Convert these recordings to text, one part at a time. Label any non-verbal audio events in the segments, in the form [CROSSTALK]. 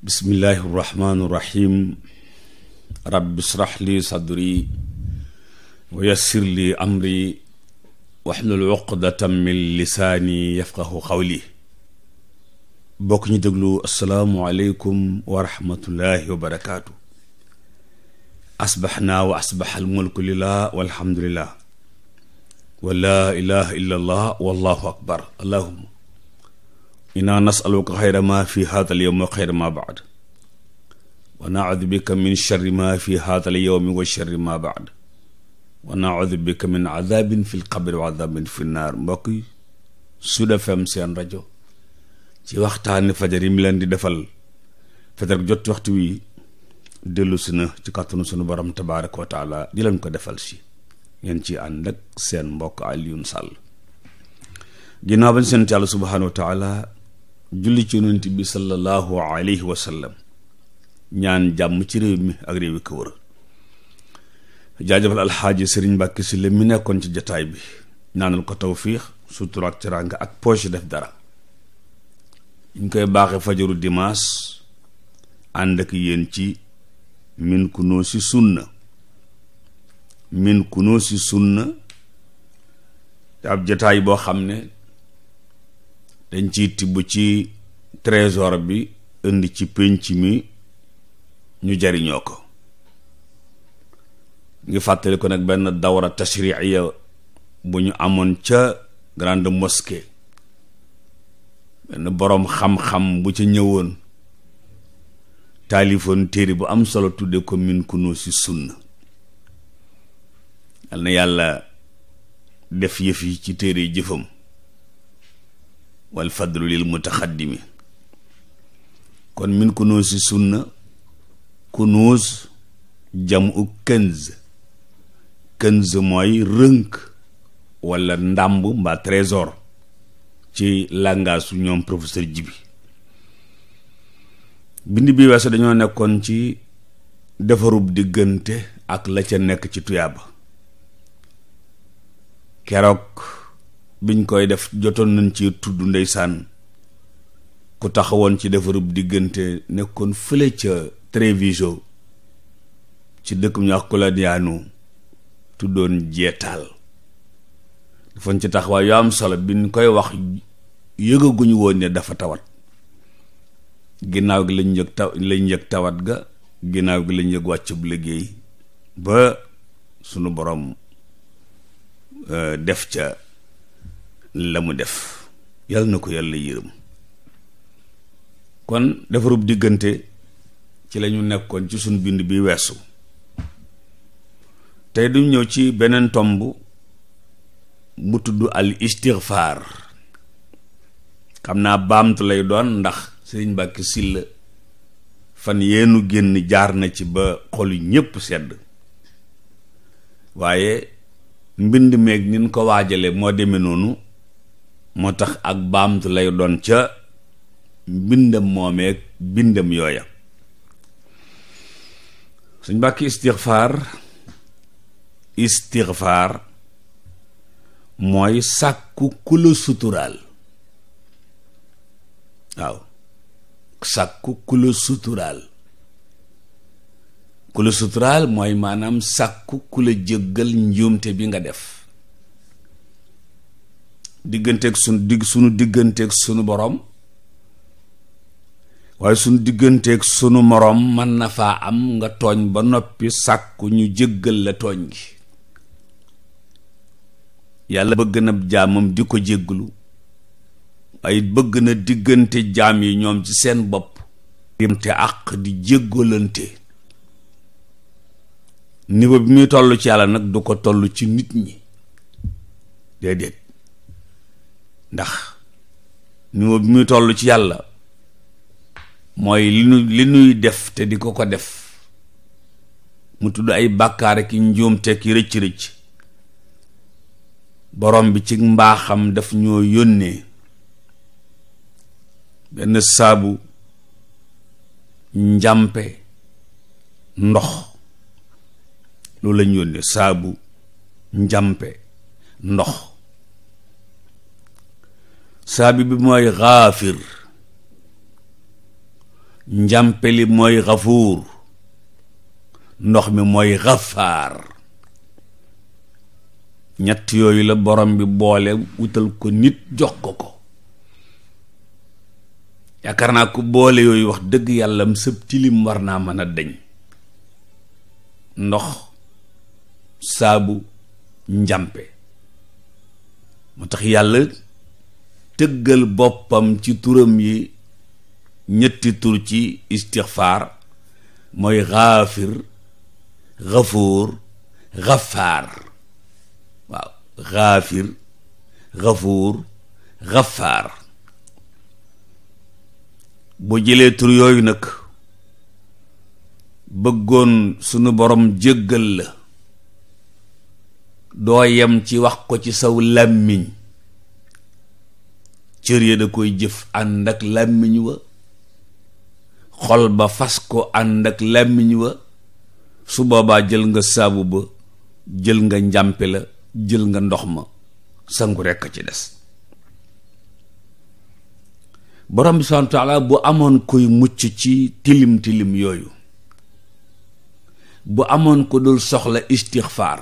bismillaahi rahmaani rahiim rabbi shrah li sadri wa yassir li amri waxlul uqdatan min lisaani yafqahu xawli bokk ñu déglu asalaamu aleykum wa rahmatullaahi wa barakaatu asbaxnaa wa asbaxa almulku lillaah walhamdulillaah wa laa ilaaha illallaah wallaahu akbar allahumma inaa nasaluka xayra ma fi haatal yowmi wa xayra ma baad wa naudu bika min sharri ma fi haatal yowmi wa sharri ma baad wa naudu bika min adabin fi lqabri wa adabin fi naar mbokk yi Sud FM seen rajo ci waxtaani fajar yi mu leen di defal fajar jot waxtu wi dellu si na ci kàttanu sunu borom tabaaraka wa taala di leen ko defal ci ngeen ci ànd seen mbokk Alioune Sall ginnaaw bañ seen yàlla subhaanahu wa taala julli ci yonent bi sallallahu alayhi ñaan jàmm ci réew mi ak réew yi ko wër jaajëfal alxaaji sëriñ Mbàkke si le mi nekkoon ci jataay bi ñaanal ko tawfiix sutura ak teraanga ak poche def dara ñu koy baaxe fajaru dimaas ànd ak yéen ci min ku noo si sunna min ku noo sunna ab jataay boo xam ne dañ ciy tibb ci trésor bi indi ci pénc mi ñu jariñoo ko ngi fàttali ko nag benn dawra tashriiya bu ñu amoon ca grande mosquée benn boroom xam-xam bu ca ñëwoon taalifoon téere bu am solo tudde ko min kunoo si sunna yal yàlla def yëf yi ci téere jëfam wal fadlu lil mutaxaddimi kon min kunuusi sunna kunuus jam u kënz kënz mooy rënk walla ndàmb mbaa trésor ci làngaasu ñoom professeur Jibi bind bi weesu dañoo nekkoon ci defarub diggante ak la ca nekk ci tuyaaba keroog biñ koy def jotoon nañ ci tudd ndeysaan ku taxawoon ci defarub diggante nekkoon fële ca Treviso ci dëkk mu ñu wax Kolodiano tuddoon jeetaal dafañ ci taxawaay yu am solo biñ koy wax yëgaguñu woon ne dafa tawat ginnaaw gi lañ yëg tawat ga ginnaaw gi lañ yëg bu liggéey ba sunu borom euh, def ca la mu def yàlla na ko yàlla yërëm kon defarub diggante ci lañu nekkoon ci suñ bind bi weesu tey du ñëw ci beneen tomb mu tudd al istighfar xam naa baamtu lay doon ndax sëriñ Mbàkke Sylla fan yeenu génn jaar na ci ba xolu ñépp sedd waaye mbind meeg nin ko waajale moo demee noonu moo tax ak baamtu lay doon ca mbindam moomeeg bindam yooya suñ bàkki istixfaar istixfaar mooy sàkku ku la suturaal waaw sàkku ku la suturaal ku la suturaal mooy maanaam sàkku ku la jëggal njuumte bi nga def digganteeg sunu digg sunu sunu boroom waaye sunu digganteeg sunu moroom mën na faa am nga tooñ ba noppi sàkku ñu jëggal la tooñ gi yàlla bëgg na jaamam di ko jégglu waaye bëgg na diggante jaam yi ñoom ci seen bopp te di jéggalante niveau bi muy toll ci yàlla nag du ko tollu ci nit ñi déedéet ndax ñu bi muy toll ci yàlla mooy li nu li nuy def te di ko ko def mu tudd ay bàkkaar ki njuumte ki rëcc-rëcc borom bi ci mbaaxam daf ñoo yónnee benn saabu njàmpe ndox loolu lañ yónnee saabu njàmpe ndox saabi bi mooy xaafir njàmpeli mooy xafuur ndox mi mooy xafaar ñett yooyu la borom bi boole wutal ko nit jox ko ko yaakaar naa ko boole yooyu wax dëgg yàlla yàllam sëb tilim war naa mën a deñ ndox saabu njàmpe moo tax yàlla jëggal boppam ci turam yi ñetti tur ci istixfaar mooy xaafir xafuur xafaar waaw xaafir xafuur xafaar bu jëlee tur yooyu nag bëggoon sunu boroom jëggal la doo yem ci wax ko ci saw làmmiñ cër ya da koy jëf ànd ak làmmiñ wa xol ba fas ko ànd ak làmmiñ wa su boobaa jël nga saabu ba jël nga njàmpe la jël nga ndox ma sangu rekk ci des borom bi subhaanahu wa taala bu amoon koy mucc ci tilim tilim yooyu bu amoon ko dul soxla istixfaar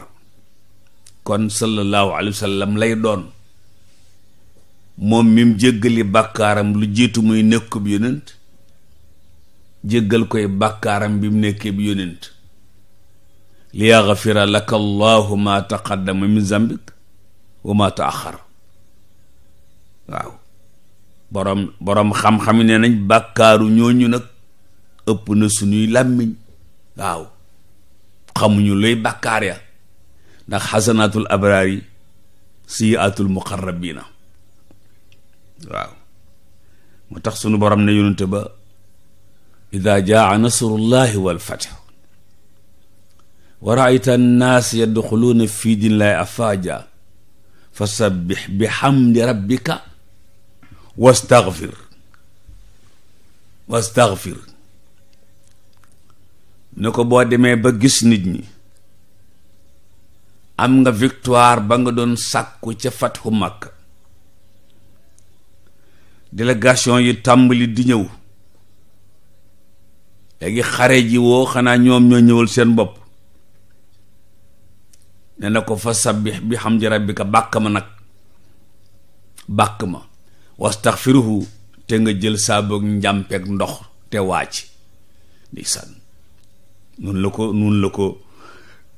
kon sallallahu alayhi wa lay doon moom mim jéggali bàkkaaram lu jiitu muy nekkub yonent jéggal koy bàkkaaram bi mu nekkee bi yonent li yaxfira laka allahu ma taqaddama min zambik ma taaxar waaw boroom boroom xam-xam ne nañ bàkkaaru ñooñu nag ëpp na suñuy làmmiñ waaw xamuñu luy bàkkaar ya ndax xasanaatul abraar yi siyatul muqarrabiina waaw mu tax sunu borom ne yonente ba ida jaa nasrullahi walfatih wa raayta annaas yadxuluuna fi dinillahi afaaja fa sabbix bi xamdi rabbika wastaxfir wastaxfir ne ko boo demee ba gis nit ñi am nga victoire ba nga doon sàkku ca fatxu Makka délégation yi tàmbali di ñëw léegi xare ji woo xanaa ñoom ñoo ñëwal seen bopp ne na ko fa sabbih bi xam hamdi rabbika bàkk ma nag bàkk ma wastaxfiruhu te nga jël saaboog njàmpeeg ndox te wàcc di sànn nun la ko nun la ko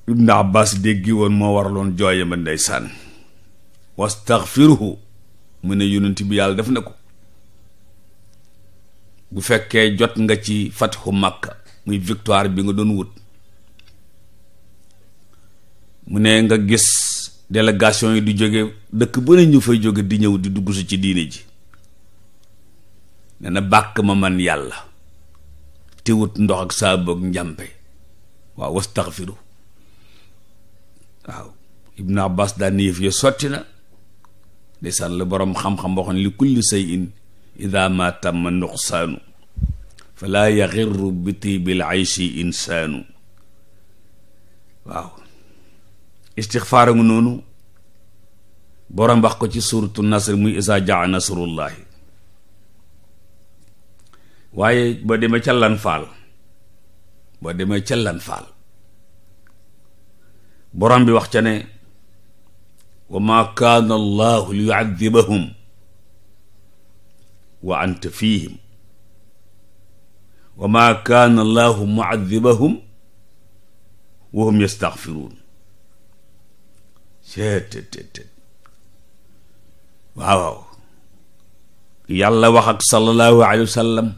ibnu abbas déggi woon moo waraloon jooye ma ndeysaan wastaxfiruhu mu ne yonent bi yàlla def na ko bu fekkee jot nga ci fatxu Makka muy victoire bi nga doon wut mu ne nga gis délégation yi du jóge dëkk bu ne ñu fay jóge di ñëw di dugg ci diine ji ne na bàkk ma man yàlla te wut ndox ak saaboog njàmpe waaw wastaxfiru waaw ibnu abbas daan yëf ya sotti na ndeysaan la borom xam-xam waxoon li kulli say in ida ma tamma nuqsaanu falaa yaxirru bi tiibil ayshi insaanu waaw istixfaara ngu noonu borom wax ko ci suuratu nasr muy isa jaa nasrullahi waaye boo demee ca lanfaal boo demee ca lanfaal borom bi wax ca ne wa ma kaana allahu li yuadibahum wa anta fiihim wa maa kaana allahu muadibahum wa hum yastaxfiruun seeteeteet waaw yàlla wax ak sallallahu alayhi wa sallam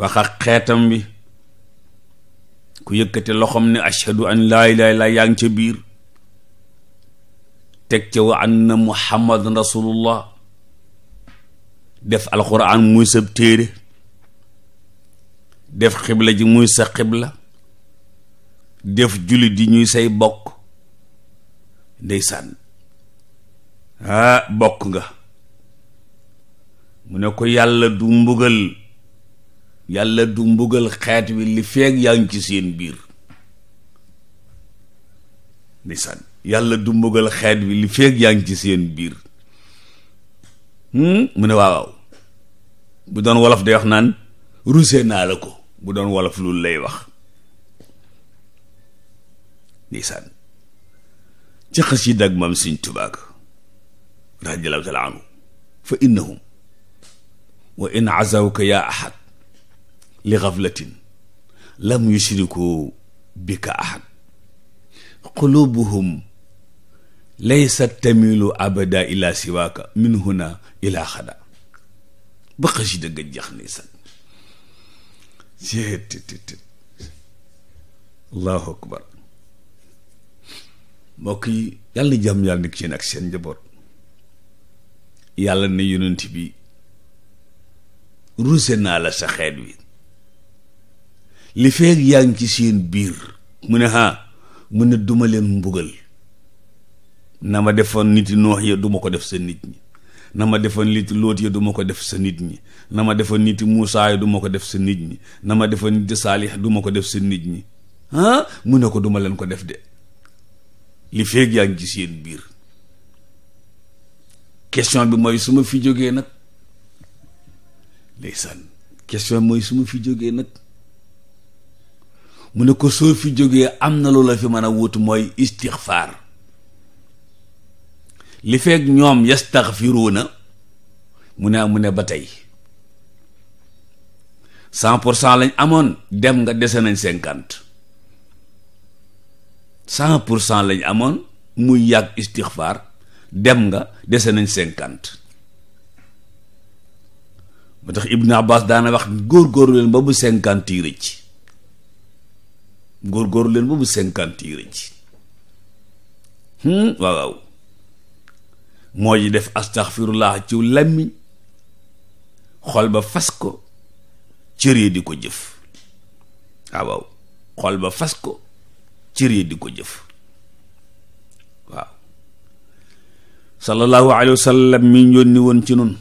wax ak xeetam bi ku yëkkati loxom ne ashhadu an laa ilaaha illallaah yaa ngi ca biir teg ca wa anna muhammadan rasulullah def alxuraan muy sa téere def xibla ji muy sa xibla def jullit di ñuy say bokk ndeysaan ah bokk nga mu ne ko yàlla du mbugal yàlla du mbugal xeet wi li feeg yaa ci seen biir yàlla du mbugal xeet wi li feeg yaa ngi ci seen biir hmm? mu ne waaw bu doon wolof day wax naan rusé naa la ko bu doon wolof loolu lay wax ndeysaan ci xasida ak maam Sëñ Tuubaa radiyallaahu taala anhu fa innahum wa in azawka yaa ahad li gaflatin lam yushriku bika ahad qulubuhum laysat tamilu abada ila siwaaka min huna ila xada ba xasida ga jax ni sax seettt allahu akbar mbokk yi yàlla na jàmm yàlla nekk ci ak seen njaboot yàlla ne yonent bi ruse naa la sa xeet wi li feeg yaa ngi ci seen biir mu ne ah mu ne duma leen mbugal na ma defoon nit noox ya duma ko def sa nit ñi na ma defoon nit Lóot ya du ko def sa nit ñi na ma defoon nit Muusaa ya ko def sa nit ñi defoon nit Saalix du ko def sa nit ñi ah mu ne ko duma leen ko def de li feeg yaa ngi ci seen biir question bi mooy su ma fi jógee nag ndeysaan question mooy su ma fi jógee nag mu ne ko soo fi jógee am na la fi man a wut mooy istixfaar li feeg ñoom yastaxfiruuna mu ne mu ne ba tey cent pour cent lañ amoon dem nga dese nañ cinquante cent pour cent lañ amoon muy yàgg istixfaar dem nga dese nañ cinquante ba tax Ibn Abbas daana wax góor-góorlu leen ba bu cinquante yu rëcc góor-góorlu leen ba bu cinquante yi rëcc hmm? waaw waaw moo ji def astaxfirullah ci làmmiñ xol ba fas ko cër yi di ko jëf ah, waaw xol ba fas ko cër yi di ko jëf waaw sallallahu alayhi wa woon ci nun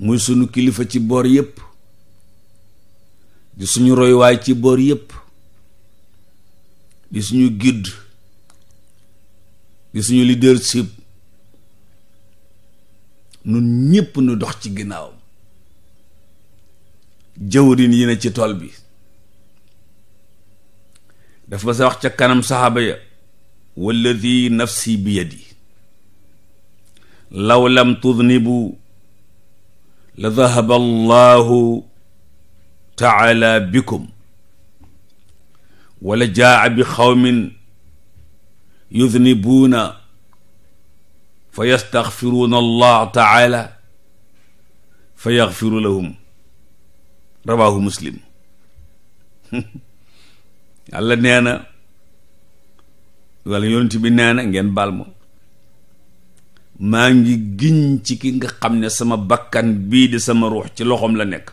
muy sunu kilifa ci boor yëpp di suñu roywaay ci boor yëpp di suñu gidd di suñu leadership nun ñëpp nu dox ci ginnaaw jëwrin yi ne ci tool bi dafa sa wax ca kanam saxaaba ya walladi nafsi bi yadi law lam tudnibu la dahaba allahu taala bikum wala jaa bi xawmin yudnibuuna fa yastaxfiruuna allah taala fa yaxfiru lahum rawahu muslim [LAUGHS] yàlla nee na walla yonent bi ngeen baal ma maa ngi giñ ci ki nga xam ne sama bakkan bii de sama ruux ci loxoom la nekk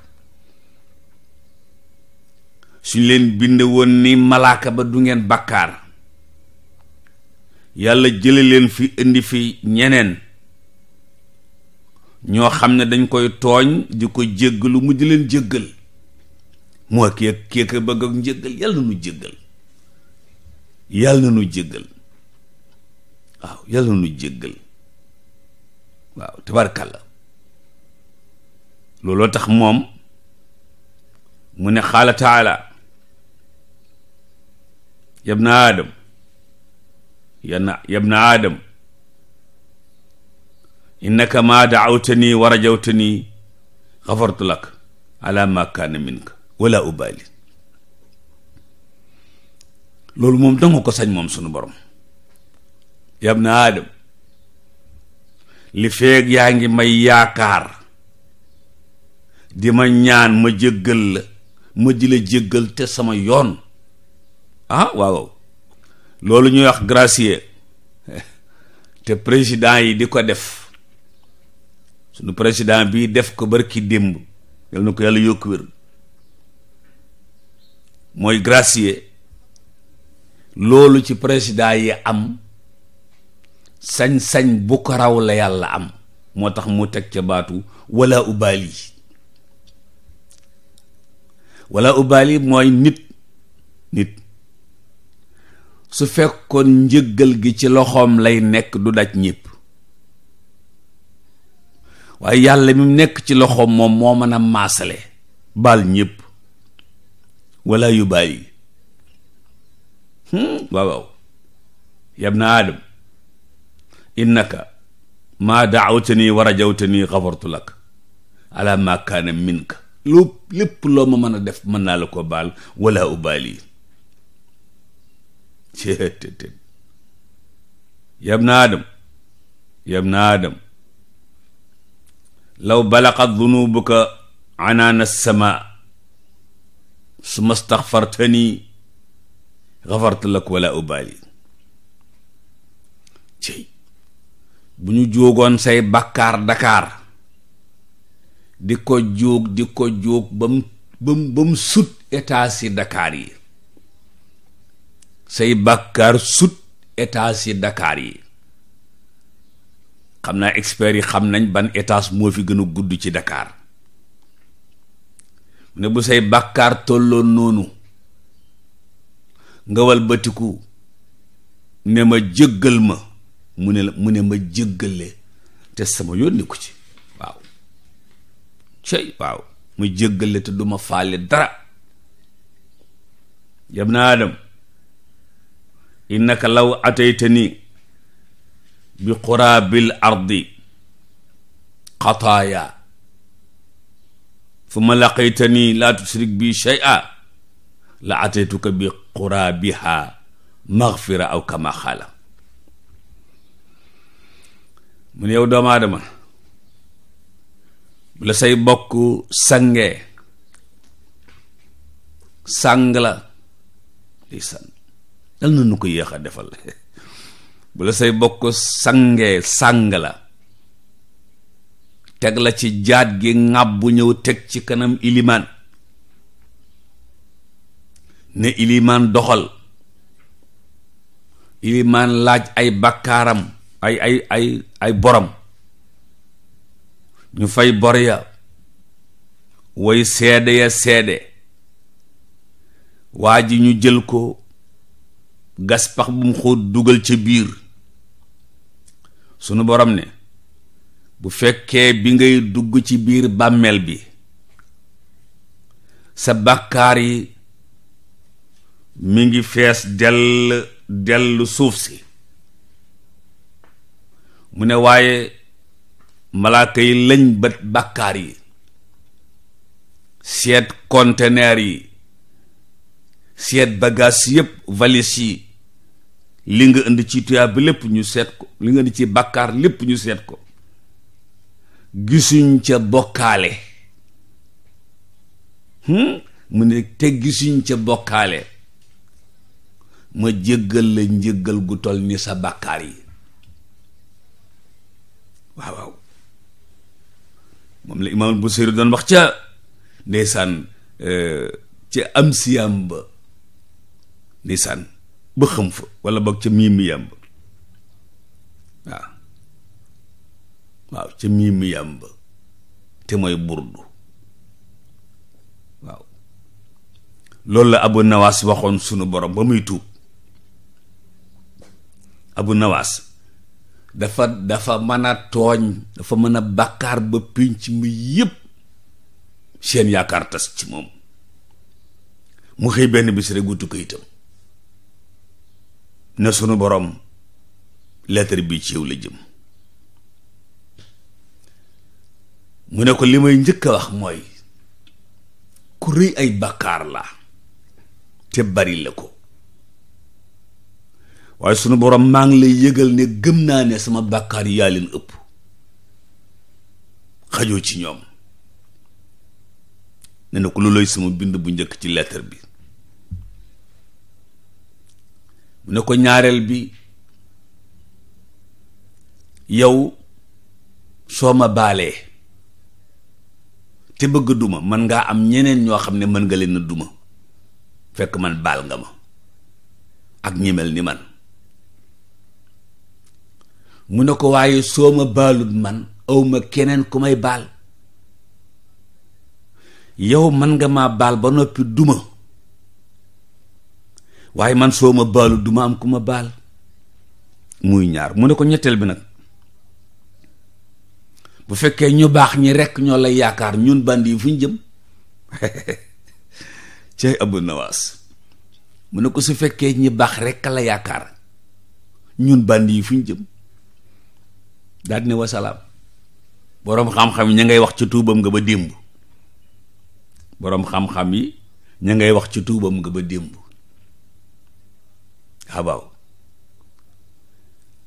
suñ leen bind woon ni malaaka ba du ngeen bakkaar yàlla jële leen fi indi fi ñeneen ñoo xam ne dañ koy tooñ di ko lu mu di leen jéggal moo kee kee ka bëgg ak njéggal yàlla nu jéggal yàlla nu jéggal waaw yàlla nu jéggal waaw tabarkàlla looloo tax moom mu ne xaala yeb yabna aadam yana yabna aadam innaka maa daawtani wa rajawtani xafartu lak ala ma kaana minka wala ubaali loolu moom danga ko sañ moom sunu borom yabna aadam li feeg yaa ngi may yaakaar di ma ñaan ma jéggal la ma di la te sama yoon ah waaw loolu ñuy wax gracier te président yi di ko def suñu président bii def ko barki démb yal na ko yàlla yokk wér mooy gracier loolu ci président yi am sañ-sañ bu ko raw la yàlla am moo tax mu teg ca baatu walla ubaali wala ubaali mooy nit nit su fekkoon njëggal gi ci loxoom lay nekk du daj ñépp waaye yàlla mi nekk ci loxoom moom moo mën a maasale baal ñépp wala yu bàyyi hmm, waaw waaw yabna aadam innaka maa daawtani wa rajawtani xafartu lak ala ma kaana minka lu lépp loo ma mën a def mën naa la ko baal wala ubaali cettt yabna aadam yabna aadam law balaxat dunubuka anaana sama suma staxfartani xafartu lak wala ubaali cey bu ñu jóogoon say bakkaar dakaar di ko jóog di ko jóog ba mu sut état si dakaar yi say bàkkaar sut étage yi Dakar yi xam naa experts yi xam nañ ban etaas moo fi gën a gudd ci dakaar ne bu say bàkkaar tolloon noonu nga walbatiku ne ma jëggal ma mu ne ma jëggale te sama yoon ko ci waaw cey waaw ma jëggale te duma faale dara yam na Adam innaka law ataytani bi quraabil ardi xataaya summa laqaytani laa tushrik bi shay'a la ataytuka bi quraabiha maghfira aw kama xaala mu ne yow doomu aadama bu la say bokk sangee sang la di sant yal na nu ko yéex a defal [LAUGHS] bu la say bokk sangee sàng la teg la ci jaat gi ŋàbb bu ñëw teg ci kanam ilimaan ne ilimaan doxal ilimaan laaj ay bakkaaram ay ay ay ay borom ñu fay bor ya woy seede ya seede waa ji ñu jël ko gas pax bu mu xóot dugal ci biir sunu borom ne bu fekkee bi ngay dugg ci biir bàmmeel bi sa bàkkaar yi mu ngi fees dell dellu suuf si mu ne waaye malaaka yi lëñ bàkkaar yi seet konteneer yi seet bagaas yépp valise yi li nga indi ci tuyaaba lépp ñu seet ko li nga indi ci bàkkaar lépp ñu seet ko gisuñ ca bokkaale hmm? mu ne te gisuñ ca bokkaale ma jéggal la njéggal gu toll ni sa bàkkaar yi waaw waaw moom la imaam Busiri doon wax ca ndeysaan euh, ca am siyaam ba ndeysaan ba fa wala boog ca mii miyam ba waaw ca mii ba te mooy burdu waaw loolu la abu nawaas waxoon sunu borom ba muy tuub abu nawaas dafa dafa mën a tooñ dafa mën a bàkkaar ba pinc mi yëpp seen yaakaar tas ci moom mu xëy benn bis rek wutu kayitam na sunu boroom lettre bi ci yow la jëm mu ne ko li may njëkk a wax mooy ku rëy ay bàkkaar la te bari la ko waaye sunu borom maa ngi lay yëgal ne gëm naa ne sama bàkkaar yaa leen ëpp xajoo ci ñoom ne na ko looloy sama bind bu njëkk ci lettre bi ne ko ñaareel bi yow soo ma baalee te bëgg duma man ngaa am ñeneen ñoo xam ne mën nga leen a duma fekk man baal nga ma ak ñi mel ni man mu ne ko waaye soo ma baalut man awma keneen ku may baal yow man nga maa baal ba noppi duma waaye man soo ma baalu du ma am ku ma baal muy ñaar mu ne ko ñetteel bi nag bu fekkee ñu baax ñi rekk ñoo lay yaakaar ñun bandi yi fu jëm [LAUGHS] cey Abu mu ne ko su fekkee ñi baax rekk la yaakaar ñun bandi yi fu ñu jëm daal di ne wasalaam boroom xam-xam yi ña ngay wax ci tuubam nga ba démb boroom xam-xam yi ña ngay wax ci tuubam nga ba démb Ah, waaw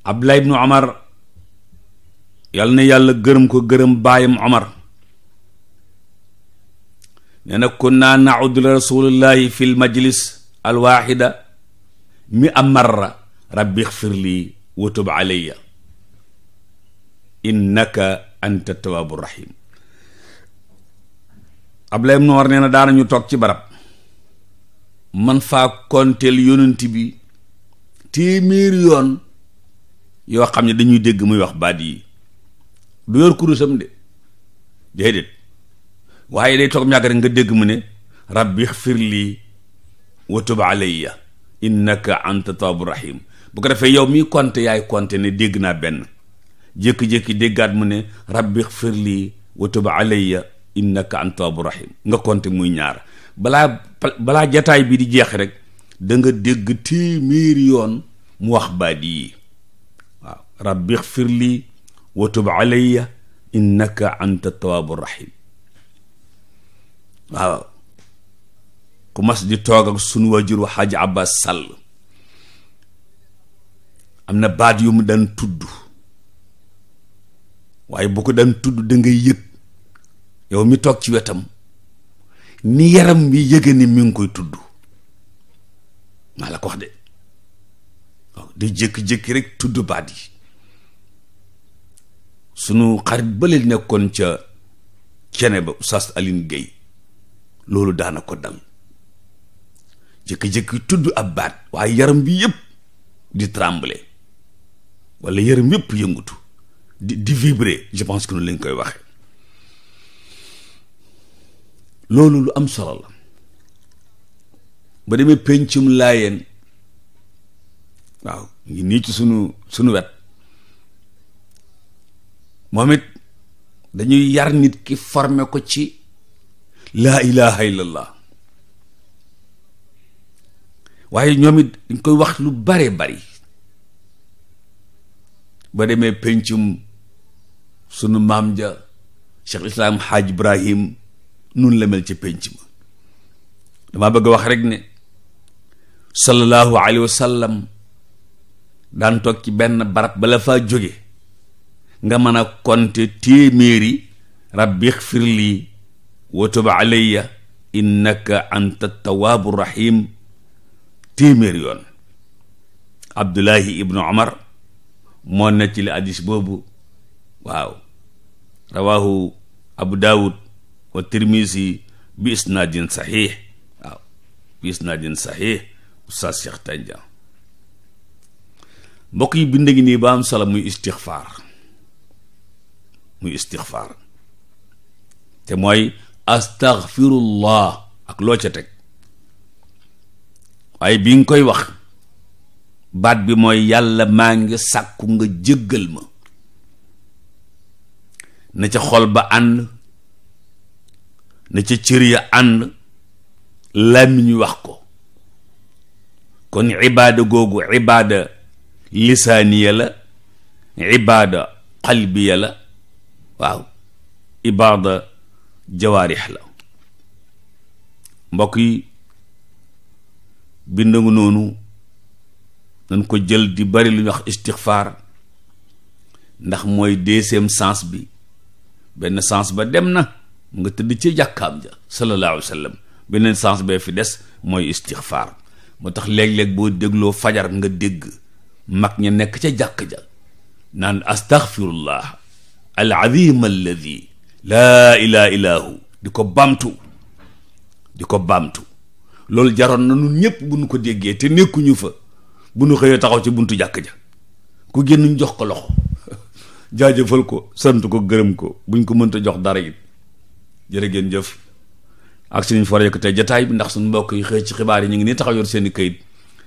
abdullah ibnu omar yal na yàlla gërëm ko gërëm baayam omar nee na kunna naudu li rasulillahi fi l majlis alwaxida mi a marra rabbi xfir lii watub alayya innaka anta tawaabu rahim abdullah ibnu omar nee na daanañu toog ci barab man faa konteel yonent bi téeméer yoon yoo xam ne dañuy dégg muy wax baat yi du yor kurusam de déedéet waaye day toog ñàkk rek nga dégg mu ne rabbi xfir lii wa tub alayya innaka ant tawaabu rahim bu ko defee yow mi konte yaay dégg naa benn jékki déggaat mu ne rabbi xfir lii wa tub alayya innaka anta nga konte muy ñaar balaa balaa jataay bii di jeex rek da nga dégg téeméeri yoon mu wax baat yi waaw rabbi xfir li wa tub alayya innaka anta tawaabu rahim waaw ku mas di toog ak sunu wajur wa xaaj abbas sàll am na baat yu mu daan tudd waaye bu ko daan tudd da yëg yow mi toog ci wetam ni yaram wi yëge ni mu ngi koy tudd maa la ko wax de waaw du jékki-jékki rek tudd baat yi sunu xarit ba nekkoon ca cene ba Oustaz alin Gueye loolu daana ko dal jékki-jékki tudd ab baat waaye yaram bi yëpp di trembler wala yaram yëpp yëngutu di di vibre je pense que nu lañ koy waxe loolu lu am solo la ba demee pencum laayeen waaw ngi nii ci sunu sunu wet moom it dañuy yar nit ki forme ko ci laa ilaha illallah waaye ñoom it dañ koy wax lu bare bari ba demee pencum sunu maam ja Cheikh Islam Haaj Ibrahim nun la ci penc ma dama bëgg wax rek ne sallallahu alayhi wa sallam daan ci benn barab bala faa jóge nga mën a konte téeméeri rabbi ixfir lii wa tub alayya innaka anta tawaabu rahim téeméer yoon abdullahi ibnu omar moo na ci li addis boobu waaw rawahu abu daawud wa tirmisi bi isnaadin bi isnaadin saxiix Oustaz Cheikh Tandian mbokk yi bind ngi nii ba am solo muy istixfaar muy istixfaar te mooy astaghfirullah ak loo ca teg waaye bi nga koy wax baat bi mooy yàlla maa ngi sàkku nga jëggal ma na ca xol ba ànd na ca cër ya ànd làmmiñ wax ko kon ibaada googu ibaada lisaaniya la ibaada xalbiya la waaw ibaada jawaarix la mbokk yi bind nga noonu nañ ko jël di bari lu ñuy wax istixfaar ndax mooy deuxième sens bi benn sens ba dem na mu nga tëdd ci jàkkaam ja sallallahu alayhi wa beneen sens bee fi des mooy istixfaar moo tax léeg-léeg boo dégloo fajar nga dégg mag ña nekk ca jàkk ja naan astaghfirullah al azim alladi laa ilaha illahu di ko bamtu di ko bamtu loolu jaroon na ñun ñëpp bu ñu ko déggee te nekkuñu fa bu ñu xëyee taxaw ca buntu jàkk ja ku génn ñu jox ko loxo [LAUGHS] jaajëfal ko sant ko gërëm ko buñ ko mënta jox dara it jërë ngeen jëf ak suñu fa yëkkatee jataay bi ndax suñu mbokk yi xëy ci xibaar yi ñu ngi nii taxaw yor seen i këyit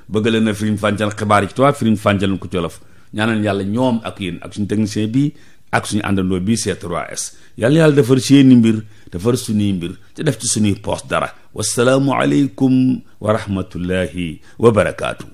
bëgg leen a firiñ fàncal xibaar yi ci tubaab firiñ fàncal ko colof ñaanal yàlla ñoom ak yéen ak suñu technicien bii ak suñu àndandoo bii C3S yàlla yàlla defar seeni mbir defar suñuy mbir te def ci suñuy poos dara wasalaamu aleykum wa rahmatullahi wa barakaatu.